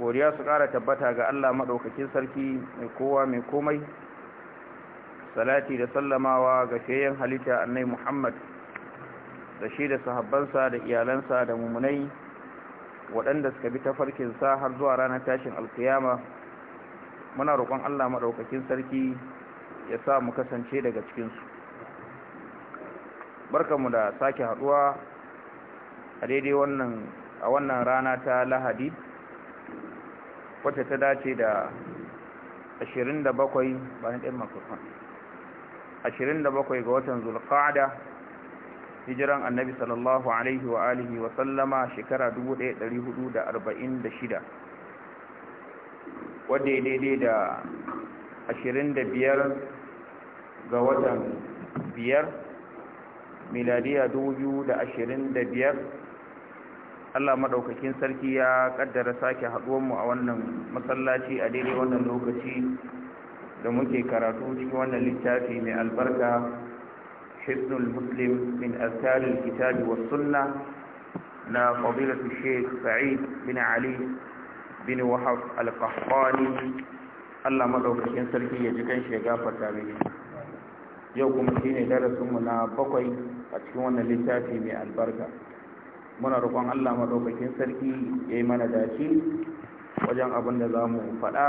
godiya su kara tabbata ga Allah maɗaukakin sarki mai kowa mai komai salati da sallamawa ga shayen halitta annai Muhammad da shi da sahabbansa da iyalansa da mummunai waɗanda suka bi tafarkinsa har zuwa ranar tashin alkiyama muna roƙon Allah maɗaukakin sarki ya sa mu kasance daga cikinsu barkanmu da sake haɗuwa a daidai a wannan rana ta lahadi wata ta dace da 27 bayan ɗin makarfan 27 ga watan zulqa'ada hijiran annabi sallallahu alaihi wa alihi wa sallama shekara 1446 wadda ya daidai da 25 ga watan 5 miladiya biyar. Allah madaukakin sarki ya kaddara sake mu a wannan masallaci a daidai wannan lokaci da muke karatu cikin wannan littafi mai albarka Hibnul Muslim min azkaril kitabi wa sunna na fadilatu Sheikh Sa'id bin Ali bin Wahab al-Qahtani Allah madaukakin sarki ya ji kanshi ya gafarta yau kuma shine darasinmu na bakwai a cikin wannan littafi mai albarka muna roƙon Allah maɗaukakin sarki ya yi mana dace wajen abin da za mu faɗa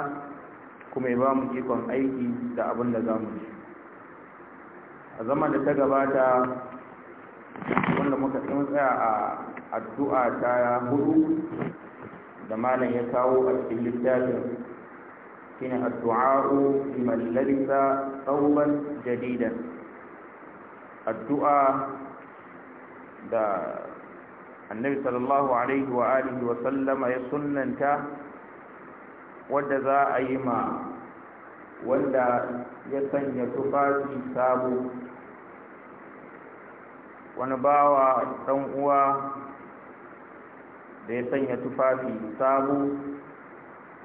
kuma ya ba mu ikon aiki da abin da za mu ci a zama da ta gabata wanda muka tsaya a addu'a ta hudu da malam ya kawo a cikin littafin shine addu'a'u liman labisa tsawon jadidan addu'a da annabi sallallahu alaihi wa alihi wa sallama ya sunnanta wadda za a yi ma wanda ya sanya tufafi sabo wani bawa ɗan uwa da ya sanya tufafi sabo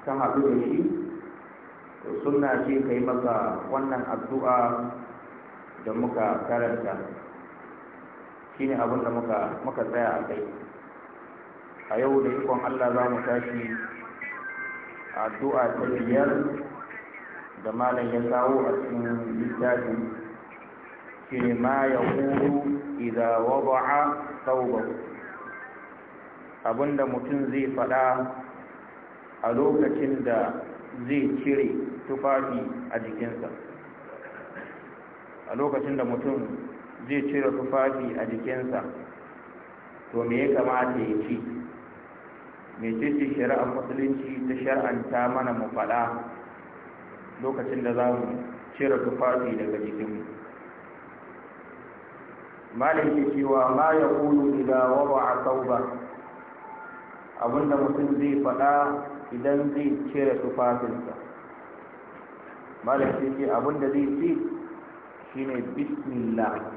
ta haɗu da shi to sunna ce ka yi masa wannan addu'a da muka karanta ne abin da muka tsaya a kai a yau da ikon Allah za mu tashi addu'a ta biyar da malam ya kawo a cikin shi ne ma ya kuru sau ba abin abinda mutum zai faɗa a lokacin da zai cire tufafi a jikinsa a lokacin da mutum zai cire tufafi a jikinsa to me ya kamata ya ci mecece shari'ar musulunci ta shari'anta mana mu faɗa lokacin da za mu cire tufafi daga jikinmu malin ke cewa ma ya kulu ila wawa a sauba abinda mutum zai faɗa idan zai cire tufafinsa malin ke ce abinda zai ce shine bismillah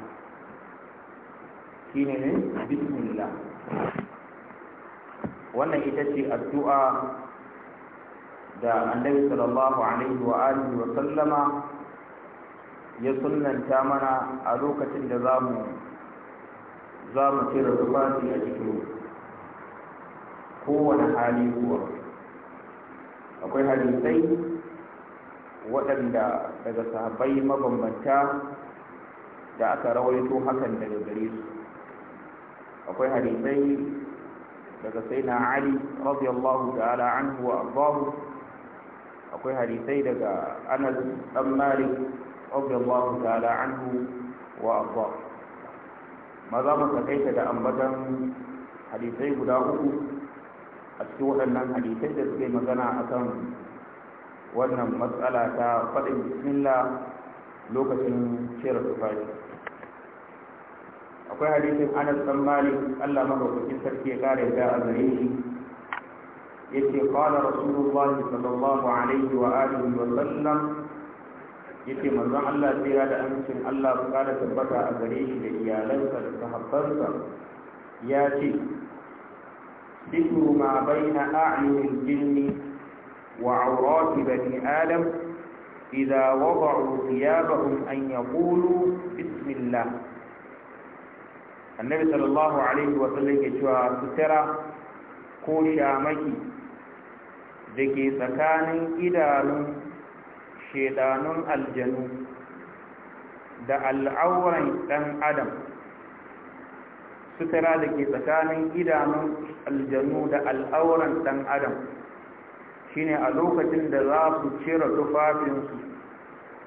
shine ne bismillah wannan ita ce addu'a da annabi sallallahu alaihi wa alihi wa sallama ya sunnanta mana a lokacin da za mu za mu cire a cikin kowane hali kuwa akwai hadisai waɗanda daga sahabbai mabambanta da aka rawaito hakan daga gare su akwai hadisai daga sayyidina ali radiyallahu ta'ala anhu wa ardahu akwai hadisai daga anas dan malik radiyallahu ta'ala anhu wa ma maza mu ta da ambatan hadisai guda uku a cikin waɗannan hadisai da suke magana akan wannan matsala ta faɗin bismillah lokacin cire tufafi akwai hadisin anas dan malik Allah madaukakin sarki ya kare da a gare shi yace qala rasulullah sallallahu alaihi wa alihi wa sallam yace manzon Allah tsira da amincin Allah su kare tabbata a gare shi da iyalansa da sahabbansa ya ce ذكر ما بين أعين الجن وعورات بني آدم إذا وضعوا ثيابهم أن يقولوا بسم الله annabi sallallahu alaihi wa sallam ke cewa sutura ko shamaki da ke tsakanin idanun shedanun aljanu da al'auran ɗan adam sutura da ke tsakanin idanun aljanu da al'auran ɗan adam shine a lokacin da za su cire tufafinsu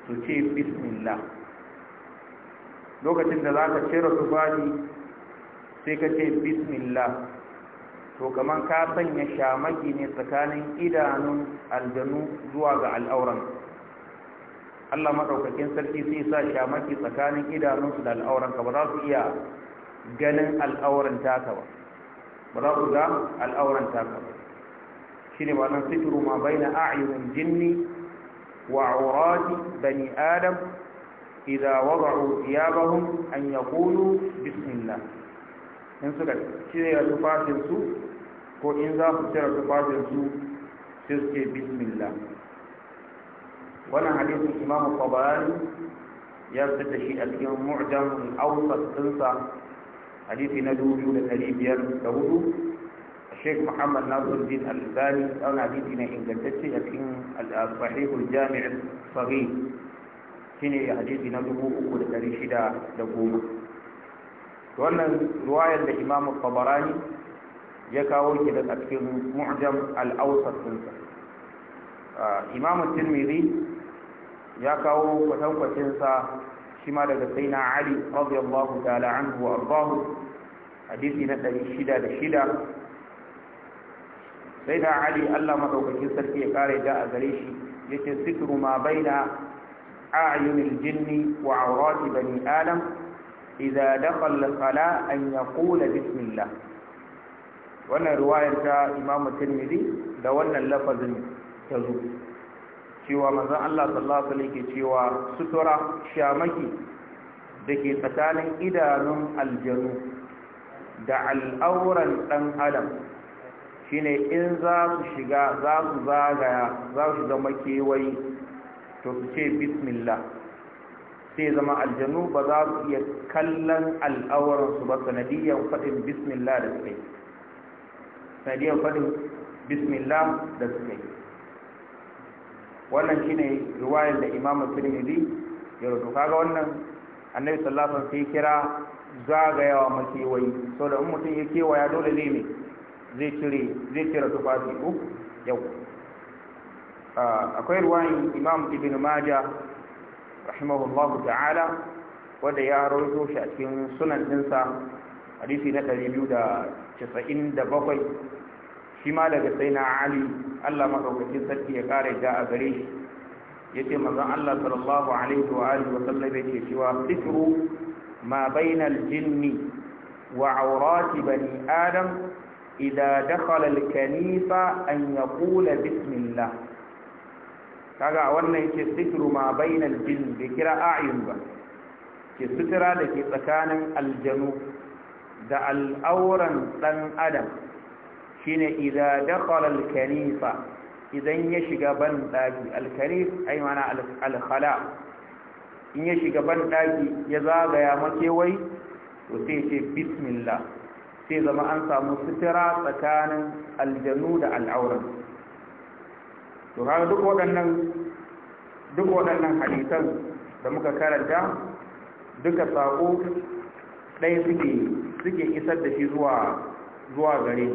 su ce bismillah lokacin da za ka cire tufafi sai ka ce bismillah to kamar ka sanya shamaki ne tsakanin idanun aljanu zuwa ga al'auran Allah maɗaukakin sarki sai sa shamaki tsakanin idanunsu da al'auranka ba za su iya ganin al'auran taka ba ba za su ga al'auran taka ba shi ne ma'anar sitiru ma bai na a'ayyurin jinni wa aurati bani adam idza wada'u thiyabahum an yaqulu bismillah in suka cire su ko in za su cire tufafinsu sai suke bismillah wannan hadisin imamu kwabarani ya fi da shi a cikin mu'jan al'awfas dinsa hadisi na dubu da da biyar hudu a shek muhammad nasir din al-zani ɗan hadisi na ingantacce a cikin al'asfahihul jami'in sahih shine hadisi na dubu uku da da shida goma. wannan ruwayar da imamu tabarani ya kawo ki da cikin mu'jam al-awsat imamu tirmidhi ya kawo kwatankwacin sa shi ma daga sayyidina ali radiyallahu ta'ala anhu wa ardahu hadisi na sai sayyidina ali Allah madaukakin sarki ya kare da a gare shi yace sikiru ma baina a'yunil jinni wa aurati bani adam idza da al-khala an yaqula bismillah wannan riwayar ta imamu Tirmidhi da wannan lafazin ta zo cewa manzon Allah sallallahu alaihi wasallam cewa sutura shamaki dake tsakanin idanun aljanu da al'auran dan adam shine in za su shiga za su zagaya za su zama kewayi to su ce bismillah sai zama aljanu ba za su iya kallon al'awarsu ba sanadiyar faɗin bismillah da suka yi sanadiyar faɗin bismillah da suka yi wannan ne ruwayar da imamu tirmidhi ya rubuta kaga wannan annabi sallallahu sai kira zagayawa makewayi sau da mutum ya kewaya dole zai ne zai cire zai cire tufafi uku yau ah, akwai ruwayin imam ibn majah rahimahullahu ta'ala wanda ya rawaito shi a cikin sunan dinsa hadisi na 297 shi Shima daga sai na ali allah maɗaukacin sarki ya ƙara ja a gare shi ya ce mazan allah sallallahu alaihi wa alihi wasallam ya cewa sifru ma bainal jinni wa aurati bani adam idza dakhala al-kanisa an yaqula bismillah kaga wannan yake sitru ma bainal jinn bai kira a'yun ba ke sutura da ke tsakanin aljanu da al'auran ɗan adam shine idan da al-kanifa idan ya shiga ban daki al ai mana in ya shiga ban daki ya zagaya makewai to sai ce bismillah sai zama an samu sutura tsakanin aljanu da al'auran to kaga duk waɗannan duk waɗannan hadisan da muka karanta duka sako ɗaya suke suke isar da shi zuwa zuwa gare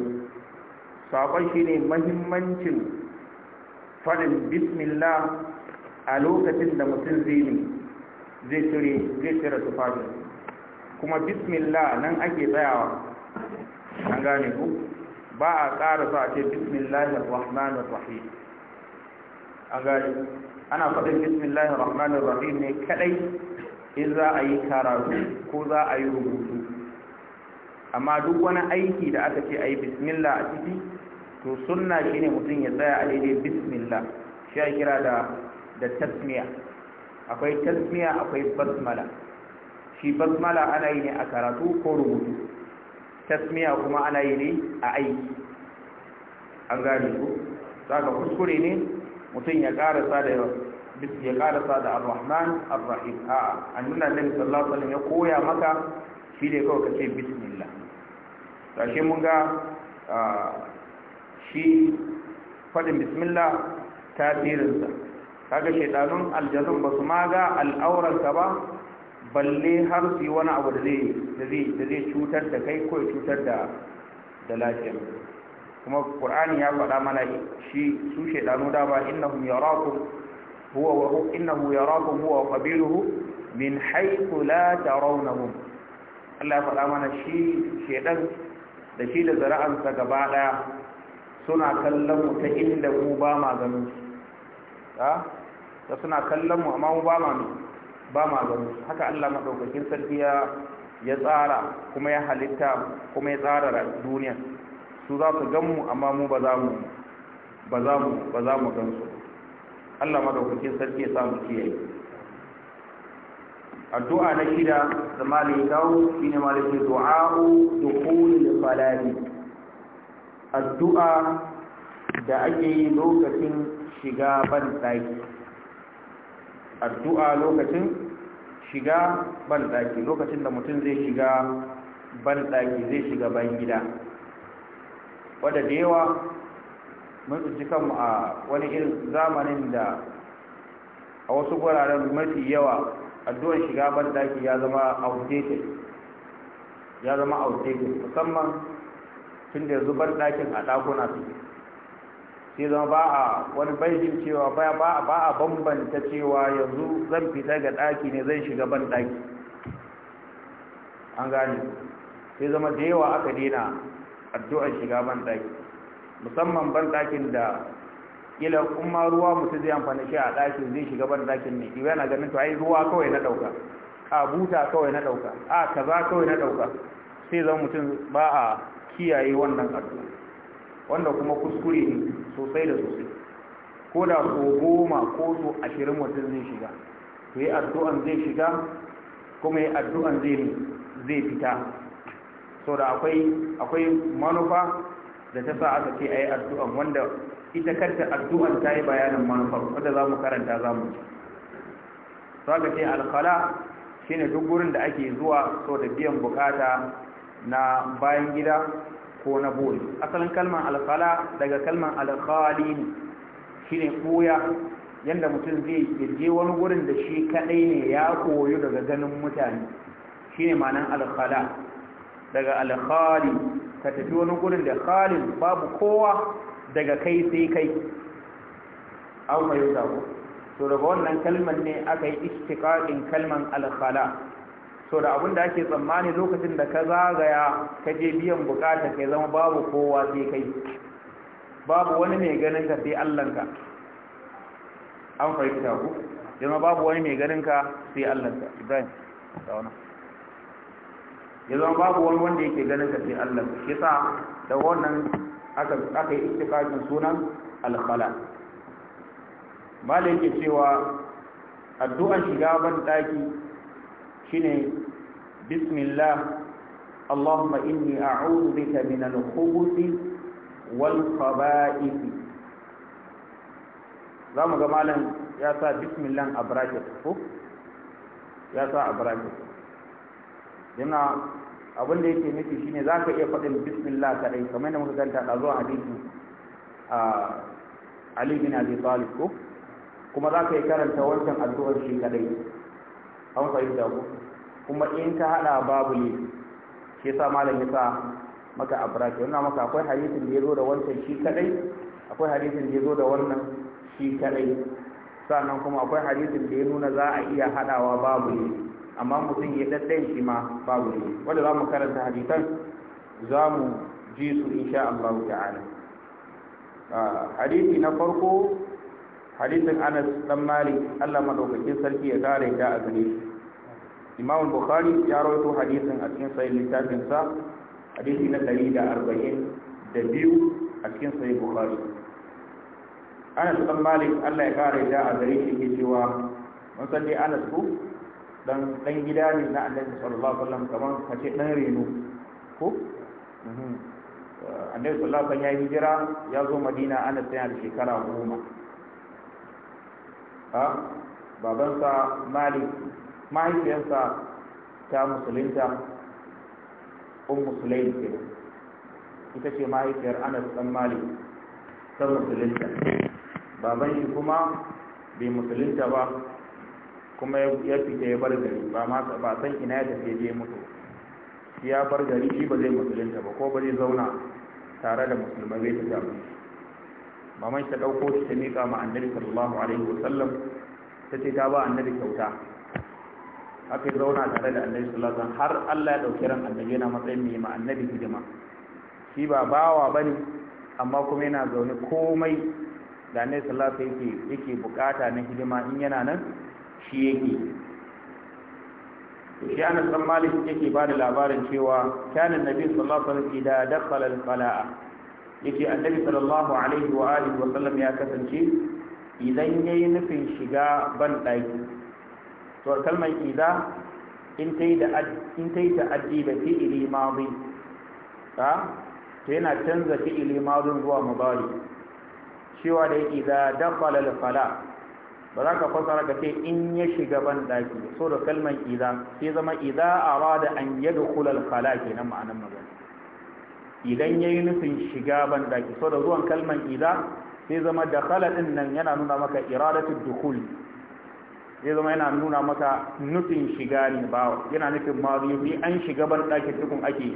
sakon ne mahimmancin faɗin bismillah a lokacin da mutum zai ne zai cire zai cire tufafi kuma bismillah nan ake tsayawa an gane ku ba a ƙara sa ce bismillahir rahmanir rahim A gari ana faɗin bismillahir rahmanir rahim ne kadai in za a yi karatu ko za a yi rubutu amma duk wani aiki da aka ce a yi bismillah a ciki to sunna ne mutum ya tsaya a daidai bismillah shi ya kira da da tasmiya akwai tasmiya akwai basmala shi basmala ana yi ne a karatu ko rubutu tasmiya kuma ana yi ne a aiki an gane ku za ka kuskure ne mutum ya karasa da ya karasa da ar-rahman ar-rahim a annuna annabi sallallahu alaihi wasallam ya koya maka shi ne kawai kace bismillah tashi mun ga shi fadin bismillah sa kaga shaytanun aljanun ba su ma ga ka ba balle har su yi wani abu da zai cutar da kai ko cutar da lafiyar kuma qur'ani ya faɗa mana shi su shedanu da ba innahum yarakum huwa wa innahu yarakum huwa wa qabiluhu min haythu la tarawnahum Allah ya faɗa mana shi shedan da shi da zara'ansa gaba daya suna kallon mu ta inda mu ba ma ganin su ha da suna kallon mu amma mu ba ma ba ma ganin su haka Allah madaukakin sarki ya ya tsara kuma ya halitta kuma ya tsara duniya su za su gan mu amma mu ba za mu ba gan su Allah ma madaukakin sarki ya samu kiyaye addu'a na shida da malai dawo shine malai ce du'a'u dukhulil falali addu'a da ake yi lokacin shiga ban daki addu'a lokacin shiga ban daki lokacin da mutum zai shiga ban daki zai shiga ban gida wadda da yawa mun tsinci kanmu a wani irin zamanin da a wasu guraren mafi yawa addu'ar shiga bandaki ya zama outdated ya zama outdated musamman tun da yanzu bandakin a ɗakuna su sai zama ba a wani bayyacin cewa ba a bambanta cewa yanzu zan fita ga ɗaki ne zan shiga bandaki an gane sai zama da yawa aka dina addu'ar shiga ban ɗaki musamman ban ɗakin da kila kuma ruwa mutum zai amfani shi a ɗakin zai shiga ban ɗakin ne kiwa yana ganin to ai ruwa kawai na ɗauka a buta kawai na ɗauka a kaza kawai na ɗauka sai zama mutum ba a kiyaye wannan addu'a wanda kuma kuskure ne sosai da sosai ko da ko goma ko so ashirin mutum zai shiga to yi addu'an zai shiga kuma yi addu'an zai fita saboda akwai akwai manufa da ta sa aka ce ayi addu'an wanda ita karta addu'an ta yi bayanin manufa wanda za mu karanta za mu ci to ce shine duk gurin da ake zuwa da biyan bukata na bayan gida ko na boye asalin kalmar alkala daga kalmar alkali ne shine buya yadda mutum zai je wani gurin da shi kaɗai ne ya koyo daga ganin mutane shine manan alkala daga alkhali ka tafi wani gurin da khalin babu kowa daga kai sai kai an fayo ku, to daga wannan kalmar ne aka yi ishtiqaqin kalman alkhala so da abinda ake tsammani lokacin da ka zagaya ka je biyan bukata kai zama babu kowa sai kai babu wani mai ganin ka sai ka an fahimta ku zama babu wani mai ganin ka sai ka Ibrahim da wannan ya zama babu wani wanda yake ganin ka fi Allah shi sa da wannan aka yi ittifaqin sunan al-khala malai yake cewa addu'an shiga ban daki shine bismillah اللهم إني أعوذ بك من الخبث والخبائث za mu ga malam ya sa bismillah a bracket ko ya yana abin da yake nufi shine za ka iya faɗin bismillah kaɗai kamar yadda muka ganta a zuwa a Ali bin Abi Talib ko kuma za ka yi karanta wancan addu'ar shi kaɗai an fahimta ko kuma in ka haɗa babu ne shi yasa malam ya sa maka abraki wannan maka akwai hadisin da ya zo da wancan shi kaɗai akwai hadisin da ya zo da wannan shi kaɗai sannan kuma akwai hadisin da ya nuna za a iya haɗawa babu ne amma mutum ya ɗaɗɗayin shi ma babu ne wanda za mu karanta hadisan za mu ji su insha Allah ala ah, hadisi na farko hadisin Anas dan Malik Allah madaukakin sarki ya kare ta a gare shi Imam Bukhari ya rawaito hadisin a cikin sahih littafin sa hadisi na ɗari da arba'in 142 a cikin sahih Bukhari Anas dan Malik Allah ya kare ta a gare shi ke cewa mun san dai Anas ku dan dan gida ne na annabi sallallahu alaihi wasallam kamar ka ce dan reno ko mhm. eh, annabi sallallahu alaihi wasallam ya hijira ya zo madina ana tsaya da shekara goma a babansa malik mahaifiyarsa ta musulunta un umm musulai ita ce mahaifiyar anas dan malik ta musulunta baban shi kuma bai musulunta ba kuma ya fita ya bar gari ba ma ba san ina ya tafi je mutu shi ya bar gari shi ba zai musulunta ba ko ba zai zauna tare da musulmai zai tafi ba mai ta dauko shi ta mika ma annabi sallallahu alaihi wa sallam. ta ce ta ba annabi kyauta haka zauna tare da annabi sallallahu alaihi wasallam har Allah ya dauki ran annabi yana matsayin mai ma annabi hidima shi ba bawa bane amma kuma yana zaune komai da annabi sallallahu alaihi sallam yake bukata na hidima in yana nan shi yake to shi ana san malik yake ba da labarin cewa kana nabi sallallahu alaihi wasallam idza dakhala al-qala'a yace annabi sallallahu alaihi wa alihi wa sallam ya kasance idan yayi nufin shiga ban daki to kalmar idza in tayi da in tayi ta addi da fi'ili madi ta to yana canza fi'ili madin zuwa mudari cewa da idza dakhala al-qala'a ba za ka fasara ka ce in ya shiga ban daki so da kalman idza sai zama ba da an yadkhul al kenan ma'anan magana idan yayi nufin shiga ban daki so da zuwan kalman iza sai zama kala ɗin nan yana nuna maka iradatu dukhul sai zama yana nuna maka nufin shiga ne ba yana nufin mariyoyi an shiga ban ɗakin tukun ake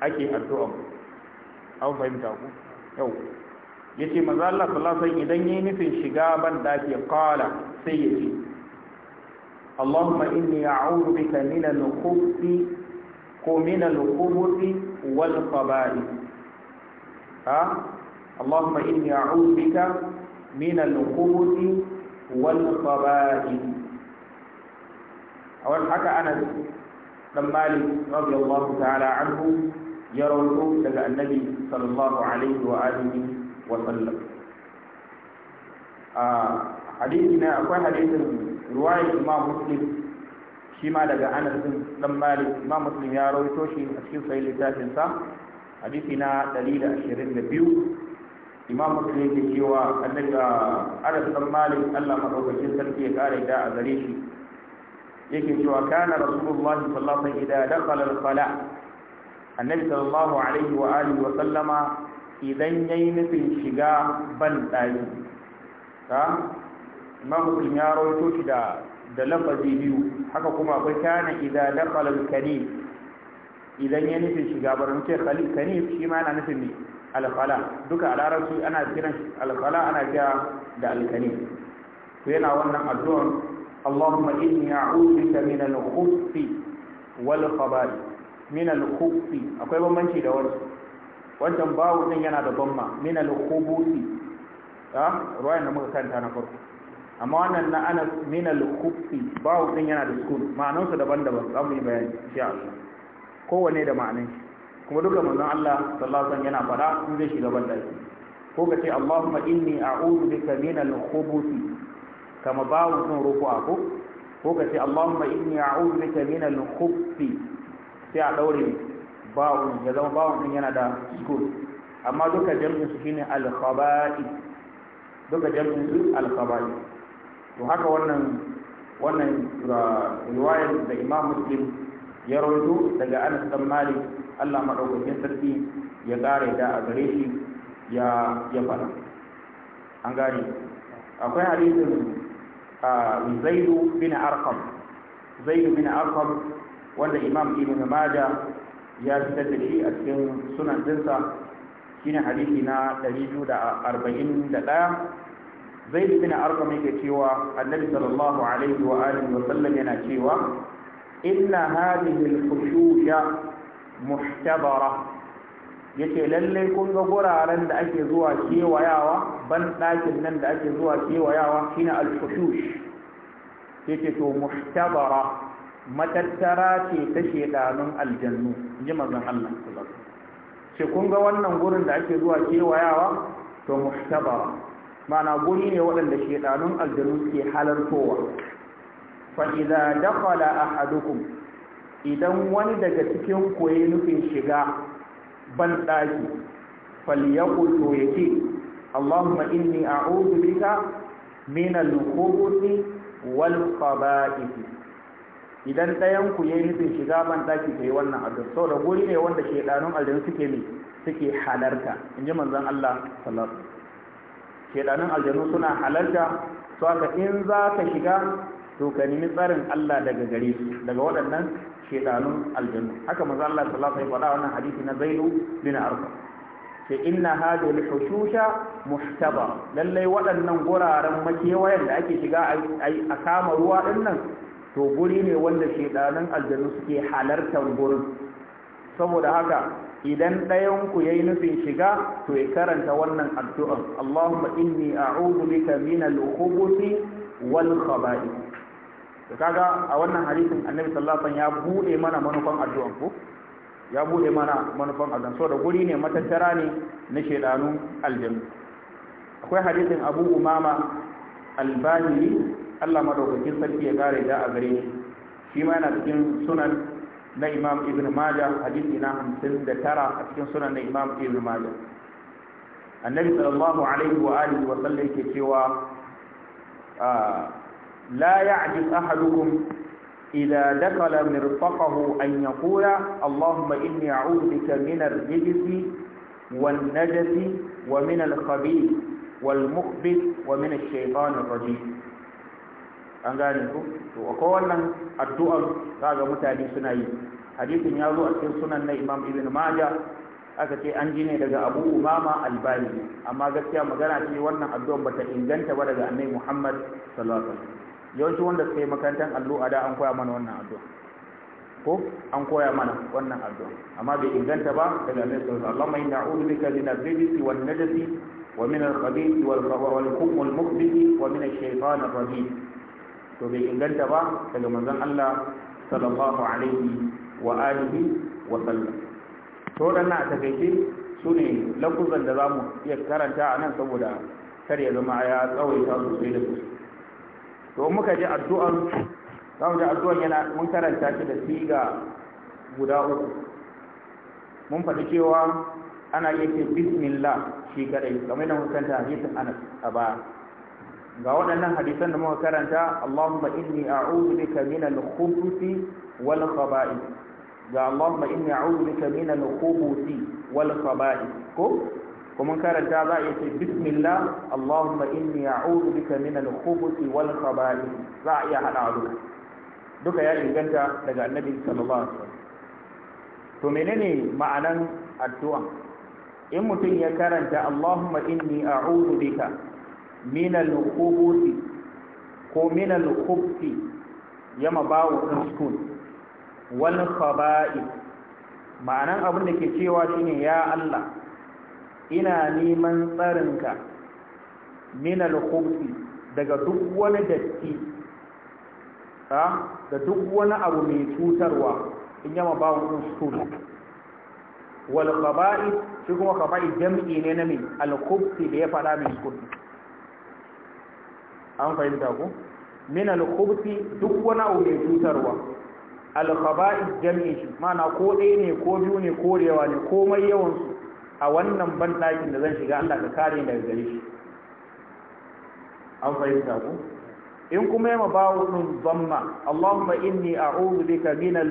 ake addu'a an fahimta ku yau yace manzo Allah sallallahu alaihi wasallam idan yayi nufin shiga ban daki qala sai yace Allahumma inni a'udhu bika min al-khubuthi ko min al-khubuthi wal khaba'ith ha Allahumma inni a'udhu bika min al-khubuthi wal khaba'ith awan haka Anas dan Malik radiyallahu ta'ala anhu ya daga annabi sallallahu alaihi wa alihi a hadisi akwai hadisin ruwaya imam muslim shi daga anas dan malik imam muslim ya rawaito shi a cikin sahih littafin sa hadisi na 122 imam muslim yake cewa annabi anas bin malik Allah madaukakin sarki ya kare da a gare shi yake cewa kana rasulullahi sallallahu alaihi wa sallam idza dakhala al-qala annabi sallallahu alaihi wa alihi wa sallama idan ya yi nufin shiga ban ɗari ta mamukin ya rawaito shi da da lafazi biyu haka kuma akwai kana idan dakhala al-kanif idan ya nufin shiga barin ce kanif shi ma yana nufin ne alkhala duka a larabci ana kiran alkhala ana kira da alkanif ku yana wannan addu'ar Allahumma inni a'udhu bika min al-khubthi wal khaba'ith min al-khubthi akwai bambanci da wani wancan bawu din yana da bamma min al-khubuthi ha ruwayan da muka kanta na farko amma wannan na anas min al-khubthi bawu din yana da sukun ma'anansa daban-daban za mu yi bayani insha Allah kowanne da ma'anan shi kuma duka manzon Allah sallallahu alaihi yana fada in zai shiga banda shi ko ka ce Allahumma inni a'udhu bika min al-khubuthi kama bawu din a ko ko ka ce Allahumma inni a'udhu bika min al-khubuthi sai a daure ba'un ya zama ba'un din yana da sukun amma duka jam'in su shine al-khaba'i duka jam'in su al-khaba'i to haka wannan wannan ah, riwayar da Imam Muslim ya rawaito daga Anas bin Malik Allah madaukakin sarki ya kare da a gare shi ya ya fara an gane akwai hadisin ah, Zaidu bin Arqam Zaidu bin Arqam wanda Imam Ibn Majah ya fitar da shi a cikin sunan dinsa shine hadisi na 241 zaid bin arqam yake cewa annabi sallallahu alaihi wa alihi wa sallam yana cewa inna hadhihi al-khushusha muhtabara ce lalle kun ga guraren da ake zuwa kewayawa ban ɗakin nan da ake zuwa kewayawa shine al-khushush yace to muhtabara matattara ce ta shedanun aljannu ji manzon Allah ce kun ga wannan gurin da ake zuwa kewayawa to muhtabara mana guri ne waɗanda shedanun aljannu ke halartowa fa idza dakhala ahadukum idan wani daga cikin koyi nufin shiga ban daki falyaqul to yake Allahumma inni a'udhu bika min al-khubuthi wal khaba'ith idan ɗayan ku yayi nufin shiga ban daki yi wannan addu'a saboda guri ne wanda shedanun aljanu suke ne suke halarta inji manzon Allah sallallahu alaihi wasallam shedanun aljanu suna halarta to haka in za ka shiga to ka nemi tsarin Allah daga gare su daga waɗannan shedanun aljanu haka manzo Allah sallallahu alaihi wasallam wannan hadisi na Zainu bin Arqam ce inna hadhihi al-hushusha muhtaba lalle waɗannan guraren makewayen da ake shiga a kama ruwa din nan to guri ne wanda shedanin aljanu suke halartar gurin saboda haka idan ɗayan ku yayi nufin shiga to ya karanta wannan addu'ar Allahumma inni a'udhu bika min al-khubuthi wal khaba'ith to kaga a wannan hadisin Annabi sallallahu alaihi wasallam ya bude mana manufan addu'ar ku ya bude mana manufan addu'ar so da guri ne matattara ne na shedanun aljanu akwai hadisin Abu Umama al-Bahili Allah madaukakin sarki ya kare da a gare shi shi ma yana cikin sunan na Imam Ibn Majah hadisi na 59 a cikin sunan na Imam Ibn Majah Annabi sallallahu alaihi wa alihi wa sallam yake cewa ah, la ya'jiz ahadukum إذا دخل مرفقه أن يقول اللهم إني أعوذ بك من الرجس والنجس ومن wa والمخبث ومن الشيطان الرجيم an gane ku to akwai wannan addu'ar kaga mutane suna yi hadisin ya zo a cikin sunan na imam ibn maja aka ce an ji ne daga abu umama albani amma gaskiya magana ce wannan addu'ar bata inganta ba daga annabi muhammad sallallahu alaihi wasallam yawanci wanda suka yi makarantar allo a da an koya mana wannan addu'a ko an koya mana wannan addu'a amma bai inganta ba daga annabi sallallahu alaihi wasallam inna a'udhu bika min al-rijsi wan najasi wa min al-khabithi wal khabath wal hukm wa min ash-shaytan to bai inganta ba daga manzon Allah sallallahu alaihi wa alihi wa sallam to dan a takeice su ne lafuzan da zamu iya karanta a nan saboda kar ya zama ya tsawaita sosai da sosai to muka ji addu'an zamu ji addu'an yana mun karanta shi da siga guda uku mun faɗi cewa ana yake bismillah shi kadai kamar da mun karanta hadisin Anas a baya ga waɗannan hadisan da muka karanta Allahumma inni a'udhu bika min al-khubuthi wal khaba'ith ga Allahumma inni a'udhu bika min al-khubuthi wal khaba'ith ko kuma karanta za a yi ce bismillah Allahumma inni a'udhu bika min al-khubuthi wal khaba'ith za a iya hada duka duka ya inganta daga Annabi sallallahu alaihi wasallam to menene ma'anan addu'a in mutum ya karanta Allahumma inni a'udhu bika minal hubuti ko mina hubti ya mabawu ɗin wal khaba'i ma'anan abin da ke cewa shine ya Allah ina neman tsarinka minal hubti daga duk wani datti da duk wani abu mai cutarwa in yama bawon ɗin wal khaba'i shi kuma khaba'i jam'i ne na min al da ya faɗa min sukun an fahimta ko min al duk wani abu mai cutarwa al-khaba'i jami'i shi mana ko ɗaya ne ko biyu ne ko rewa ne komai yawan su a wannan banɗakin da zan shiga Allah ka kare daga gare shi an fahimta ko in kuma yama bawo din zamma Allahumma inni a'udhu bika min al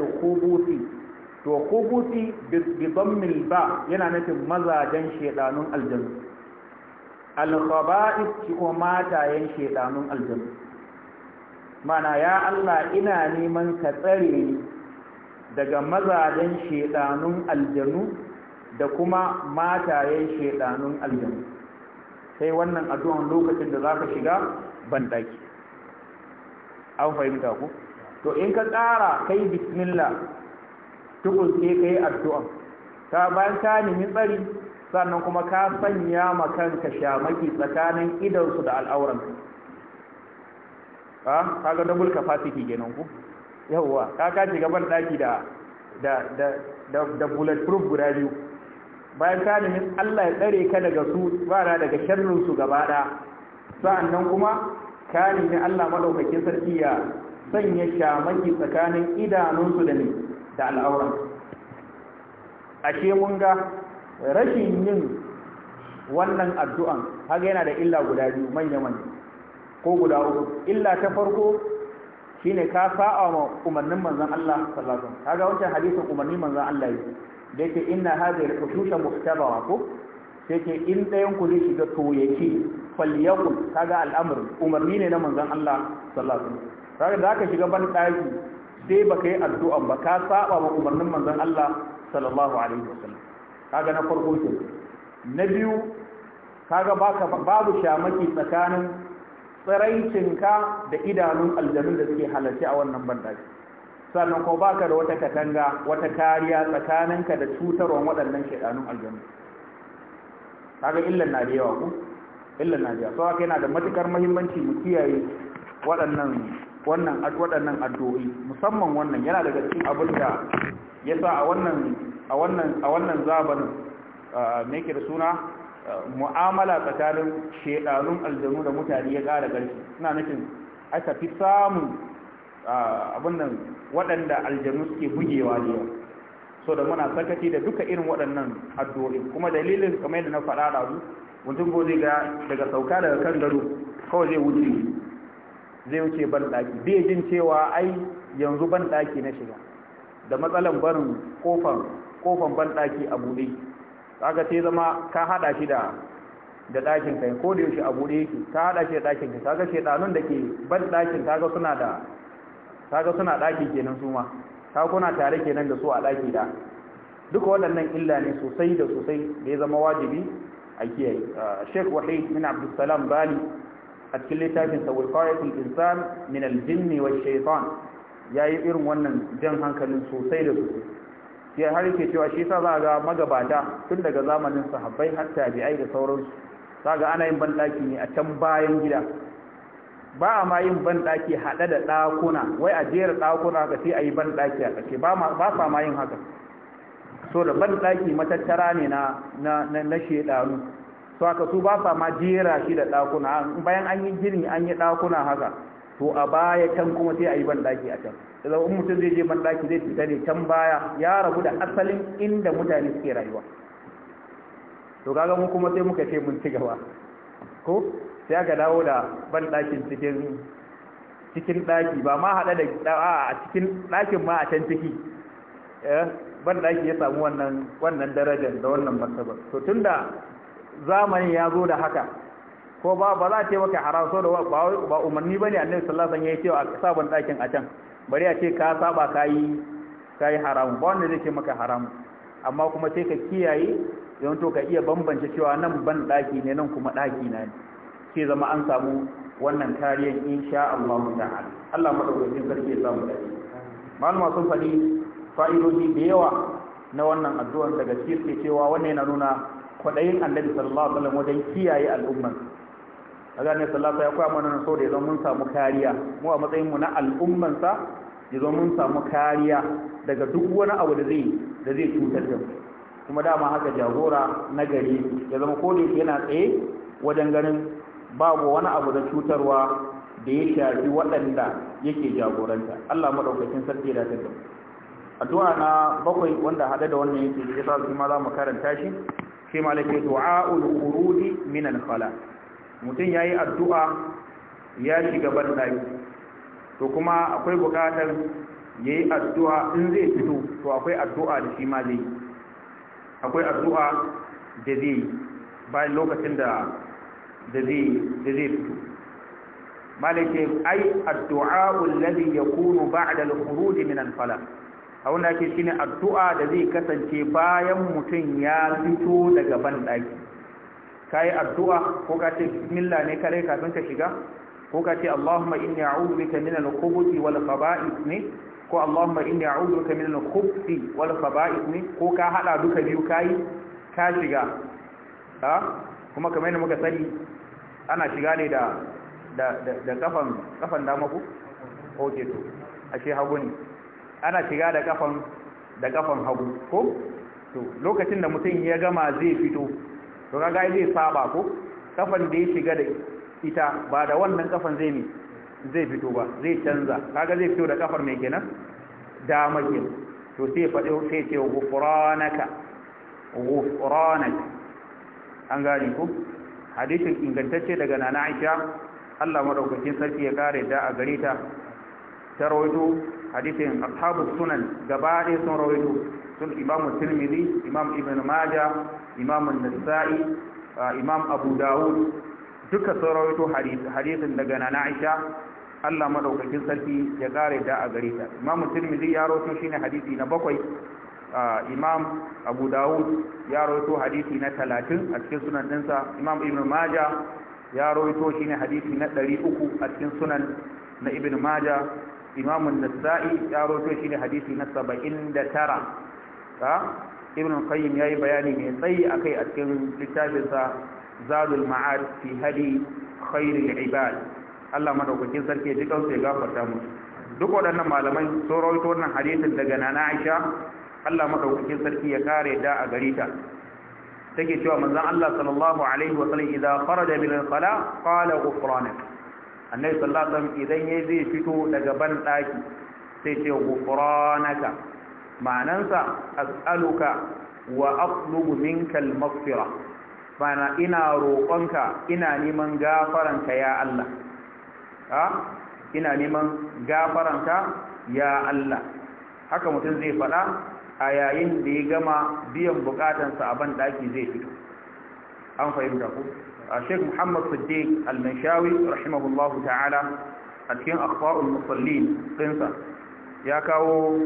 to khubuthi bi dhammil ba yana nufin mazajen shedanun aljanna alkhaba'is ki matayen shedanun aljanna mana ya Allah ina neman ka tsare ni daga mazajen shedanun aljanu da kuma matayen shedanun aljanu sai wannan addu'an lokacin da zaka shiga bandaki an fahimta ku to in ka tsara kai bismillah tukun sai kai addu'a ka bayan ka nemi tsari sannan kuma ka sanya ma kanka shamaki tsakanin idansu da al'auransu ha kaga double capacity kenan ku yawwa ka ka shiga ban daki da da da da, da bulletproof guda biyu bayan ka nemi Allah ya tsare ka daga su bara daga sharrin su gaba da sa'annan kuma ka nemi Allah madaukakin sarki ya sanya shamaki tsakanin idanunsu da ni da al'auran ashe mun ga rashin yin wannan addu'an haka yana da illa guda biyu manya manya ko guda uku illa ta farko shine ka sa'awa ma umarnin manzon Allah sallallahu alaihi wasallam kaga wancan hadisin umarnin manzon Allah yake da yake inna hadhihi al-ushusha muhtabara ko sai ke in ɗayan ku zai shiga to yake falyakul kaga umarni ne na manzon Allah sallallahu alaihi za ka shiga ban daki sai baka yi addu'a ba ka saba ma umarnin manzon Allah sallallahu alaihi wasallam kaga na farko ke na biyu kaga baka babu shamaki tsakanin tsiraicinka da idanun aljanun da suke halarci a wannan bandaki sannan ko baka da wata katanga wata kariya tsakaninka da cutarwan waɗannan shaidanun aljanu kaga illan na da yawa ku illan na da yawa saboda yana da matukar muhimmanci mu kiyaye waɗannan wannan waɗannan addu'o'i musamman wannan yana daga cikin abin da yasa a wannan a wannan a wannan da suna mu'amala tsakanin shedanun aljanu da mutane ya kara garki ina nufin aka fi samun abin nan waɗanda aljanu suke bugewa ne so da muna sarkaci da duka irin waɗannan addu'o'i kuma dalilin kamar yadda na faɗa da su mutum ko zai ga daga sauka daga kan gado kawai zai wuce zai wuce ban ɗaki bai jin cewa ai yanzu ban ɗaki na shiga da matsalan barin kofar kofan banɗaki a buɗe kaga sai zama ka hada shi da da ɗakin kai ko da yaushe a buɗe yake ka hada shi da ɗakin kai kaga shedanun da ke ban ɗakin kaga suna da kaga suna ɗaki kenan su ma ka kuna tare kenan da su a ɗaki da duka waɗannan illa ne sosai da sosai da ya zama wajibi a kiyaye Sheikh Wahid bin Abdulsalam Bali a cikin littafin sa Wiqayatul Insan min al-Jinni wash-Shaytan yayi irin wannan jan hankalin sosai da sosai sai har yake cewa shi sa za ga magabata tun daga zamanin sahabbai har tabi'ai da sauransu za ga ana yin banɗaki ne a can bayan gida ba a ma yin banɗaki haɗe da ɗakuna wai a jera ɗakuna ka sai a yi banɗaki a ƙarshe ba sa ma yin haka so da banɗaki matattara ne na na na shedanu so haka su ba sa ma jera shi da ɗakuna bayan an yi gini an yi ɗakuna haka to a baya can kuma sai a yi banɗaki a can da in mutum zai je banɗaki zai fita ne can baya ya rabu da asalin inda mutane suke rayuwa to kaga mu kuma sai muka ce mun ci gaba ko sai aka dawo da banɗakin cikin cikin ɗaki ba ma haɗa da a cikin ɗakin ma a can ciki eh, banɗaki ya samu wannan wannan darajar da wannan martaba to tunda zamani ya zo da haka ko ba ba za a ce maka haram so da ba umarni ba ne annabi sallallahu alaihi wasallam ya ce a sabon dakin a can bari a ce ka saba ka yi ka yi haram ba wanda zai ce maka haram amma kuma sai ka kiyaye don to ka iya bambance cewa nan ban daki ne nan kuma daki na ne sai zama an samu wannan kariyar insha Allah ta'ala Allah madaukakin sarki ya samu dace malama sun faɗi fa'idoji da yawa na wannan addu'ar daga cikin cewa wannan yana nuna kwaɗayin annabi sallallahu alaihi wasallam wajen kiyaye al'ummar kaga ne sallallahu ya koya mana so da ya zo mun samu kariya mu a matsayin mu na al'umman sa zo mun samu kariya daga duk wani abu da zai da zai cutar da kuma dama haka jagora na gari ya zama ko da yana tsaye wajen ganin babu wani abu da cutarwa da ya shafi waɗanda yake jagoranta Allah madaukakin sarki da tabbata addu'a na bakwai wanda hada da wannan yake yasa su ma za mu karanta shi shi malaka du'a'ul khuruji min al-khala mutum ya yi addu'a ya shiga banɗaki to kuma akwai buƙatar ya yi addu'a in zai fito to akwai addu'a da shi ma zai akwai addu'a da zai bayan lokacin da zai fito malake ai addu'a ulladhi ya ba'da al-khuruj min al-fala abin ke shine addu'a da zai kasance bayan mutum ya fito daga banɗaki Kayi addu'a ko ka ce bismillah ne kare kafin ka shiga ko ka ce allahumma inni a'udhu bika min al-khubuthi wal khaba'ith ne ko allahumma inni a'udhu bika min al-khubuthi wal khaba'ith ne ko ka hada duka biyu kai ka shiga ha kuma kamar yadda muka sani ana shiga ne da da da kafan kafan dama ku oke to ashe hagu ne ana shiga da kafan da kafan hagu ko to lokacin da mutum ya gama zai fito to kaga zai saba ko kafan da ya shiga da ita ba da wannan kafan zai ne zai fito ba zai canza kaga zai fito da kafar mai kenan da makin to sai ya faɗi sai ce gufranaka gufranaka an gane ku hadisin ingantacce daga nana Aisha Allah madaukakin sarki ya kare da a gare ta ta rawaito hadisin ashabu sunan gaba ɗaya sun rawaito sun imam tilmidi imam ibn majah imam nasai imam abu dawud duka sauraito hadisin daga nana aisha Allah madaukakin sarki ya kare da a gare ta imam tirmidhi ya rawaito shine hadisi na bakwai imam abu dawud ya rawaito hadisi na 30 a cikin sunan dinsa imam ibn maja ya rawaito shine hadisi na 300 a cikin sunan na ibn maja imam an-nasa'i ya rawaito shine hadisi na 79 ta ibn al-qayyim yayi bayani mai sai akai a cikin littafinsa zadul ma'ad fi hadi khairul ibad Allah madaukakin sarki duk kansu ya gafarta mu duk waɗannan malamai sun rawaito wannan hadisin daga nana Aisha Allah madaukakin sarki ya kare da a gare ta take cewa manzon Allah sallallahu alaihi wa sallam idan kharaja min al-qala qala ghufranak annabi sallallahu alaihi idan yayi zai fito daga ban daki sai ce ghufranaka ma'anansa as'aluka wa aqlubu minka al-maghfira bana ina roƙonka ina neman gafaranka ya Allah ha ina neman gafaranka ya Allah haka mutum zai faɗa a yayin da ya gama biyan bukatansa a ban daki zai fito an fahimta ku Sheikh Muhammad Siddiq Al-Manshawi rahimahullahu ta'ala a cikin akhbarul musallin ɗinsa ya kawo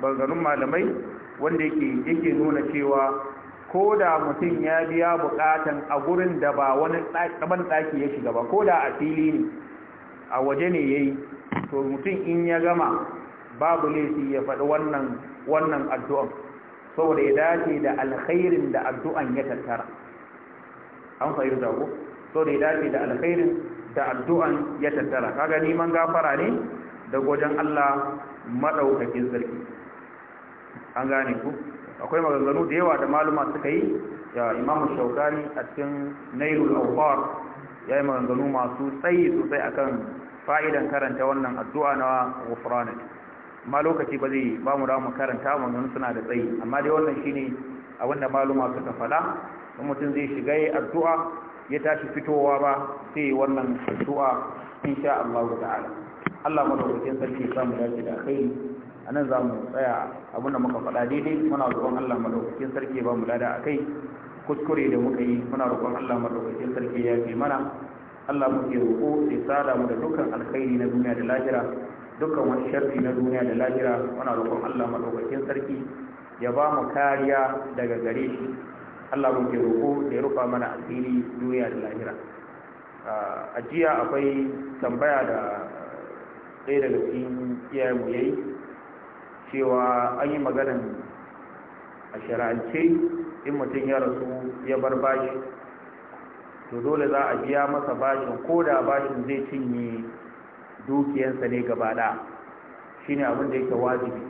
bangarun malamai wanda yake nuna cewa ko da mutum ya biya bukatan a gurin da ba wani tsaban tsaki ya shiga ba ko da a fili ne a waje ne ya yi to mutum in ya gama babu laifi ya faɗi wannan wannan addu'an saboda ya dace da alkhairin da addu'an ya tattara an fahimta ko saboda ya dace da alkhairin da addu'an ya tattara kaga neman gafara ne da gojen Allah madaukakin sarki an gane ku akwai maganganu da yawa da maluma suka yi ya imam shaukani a cikin nailul awfar ya yi maganganu masu tsayi sosai akan fa'idan karanta wannan addu'a na ghufranak ma lokaci ba zai ba mu mu karanta maganganu suna da tsayi amma dai wannan shine abinda wanda maluma suka fada don mutum zai shiga yi addu'a ya tashi fitowa ba sai wannan addu'a insha Allah ta'ala Allah madaukakin sarki ya samu dace da kai a nan za mu tsaya abin da muka faɗa daidai muna roƙon Allah madaukakin sarki ba mu lada a kai kuskure da muka yi muna roƙon Allah madaukakin sarki ya fi mana Allah muke roƙo ya sada mu da dukkan alkhairi na duniya da lahira dukkan wani sharri na duniya da lahira muna roƙon Allah madaukakin sarki ya ba mu kariya daga gare shi Allah muke roƙo da ya rufa mana asiri duniya da lahira a jiya akwai tambaya da ɗaya daga cikin iyayenmu ya yi cewa an yi maganan a shara'ance in mutum ya rasu ya bar bashi to dole za a biya masa bashin ko da bashin zai cinye dukiyansa ne gaba ɗaya shine abin da yake wajibi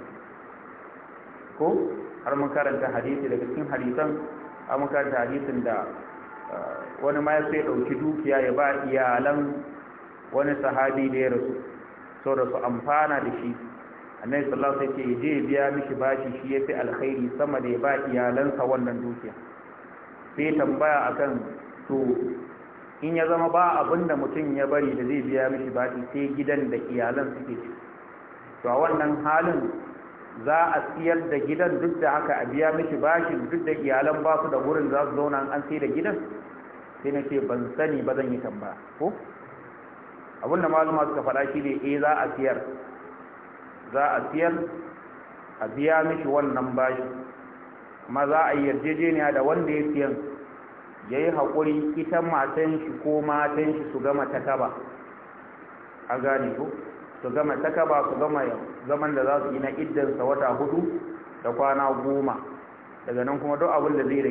ko har mun karanta hadisi daga cikin hadisan an mun karanta hadisin da eh, wani ma ya sai ɗauki dukiya ya ba iyalan wani sahabi da ya rasu saboda su amfana da shi annabi sallallahu alaihi wasallam ya je biya miki bashi shi yafi alkhairi sama da ya ba iyalansa wannan dukiya sai tambaya akan to in ya zama ba abin da mutum ya bari da zai biya miki bashi sai gidan da iyalan suke ci to a wannan halin za a siyar da gidan duk da haka a biya miki bashi duk da iyalan ba su da wurin za su zauna an sai da gidan sai na ce ban sani ba zan yi tambaya ko abun da malama suka faɗa shi ne eh za a siyar za a siyar a biya mishi wannan bashi kuma za a yarjejeniya da wanda ya siyan ya yi haƙuri ita matan shi ko matan shi su gama takaba a gane ko su gama takaba su gama zaman da za su yi na iddansa wata hudu da kwana goma daga nan kuma duk abin da zai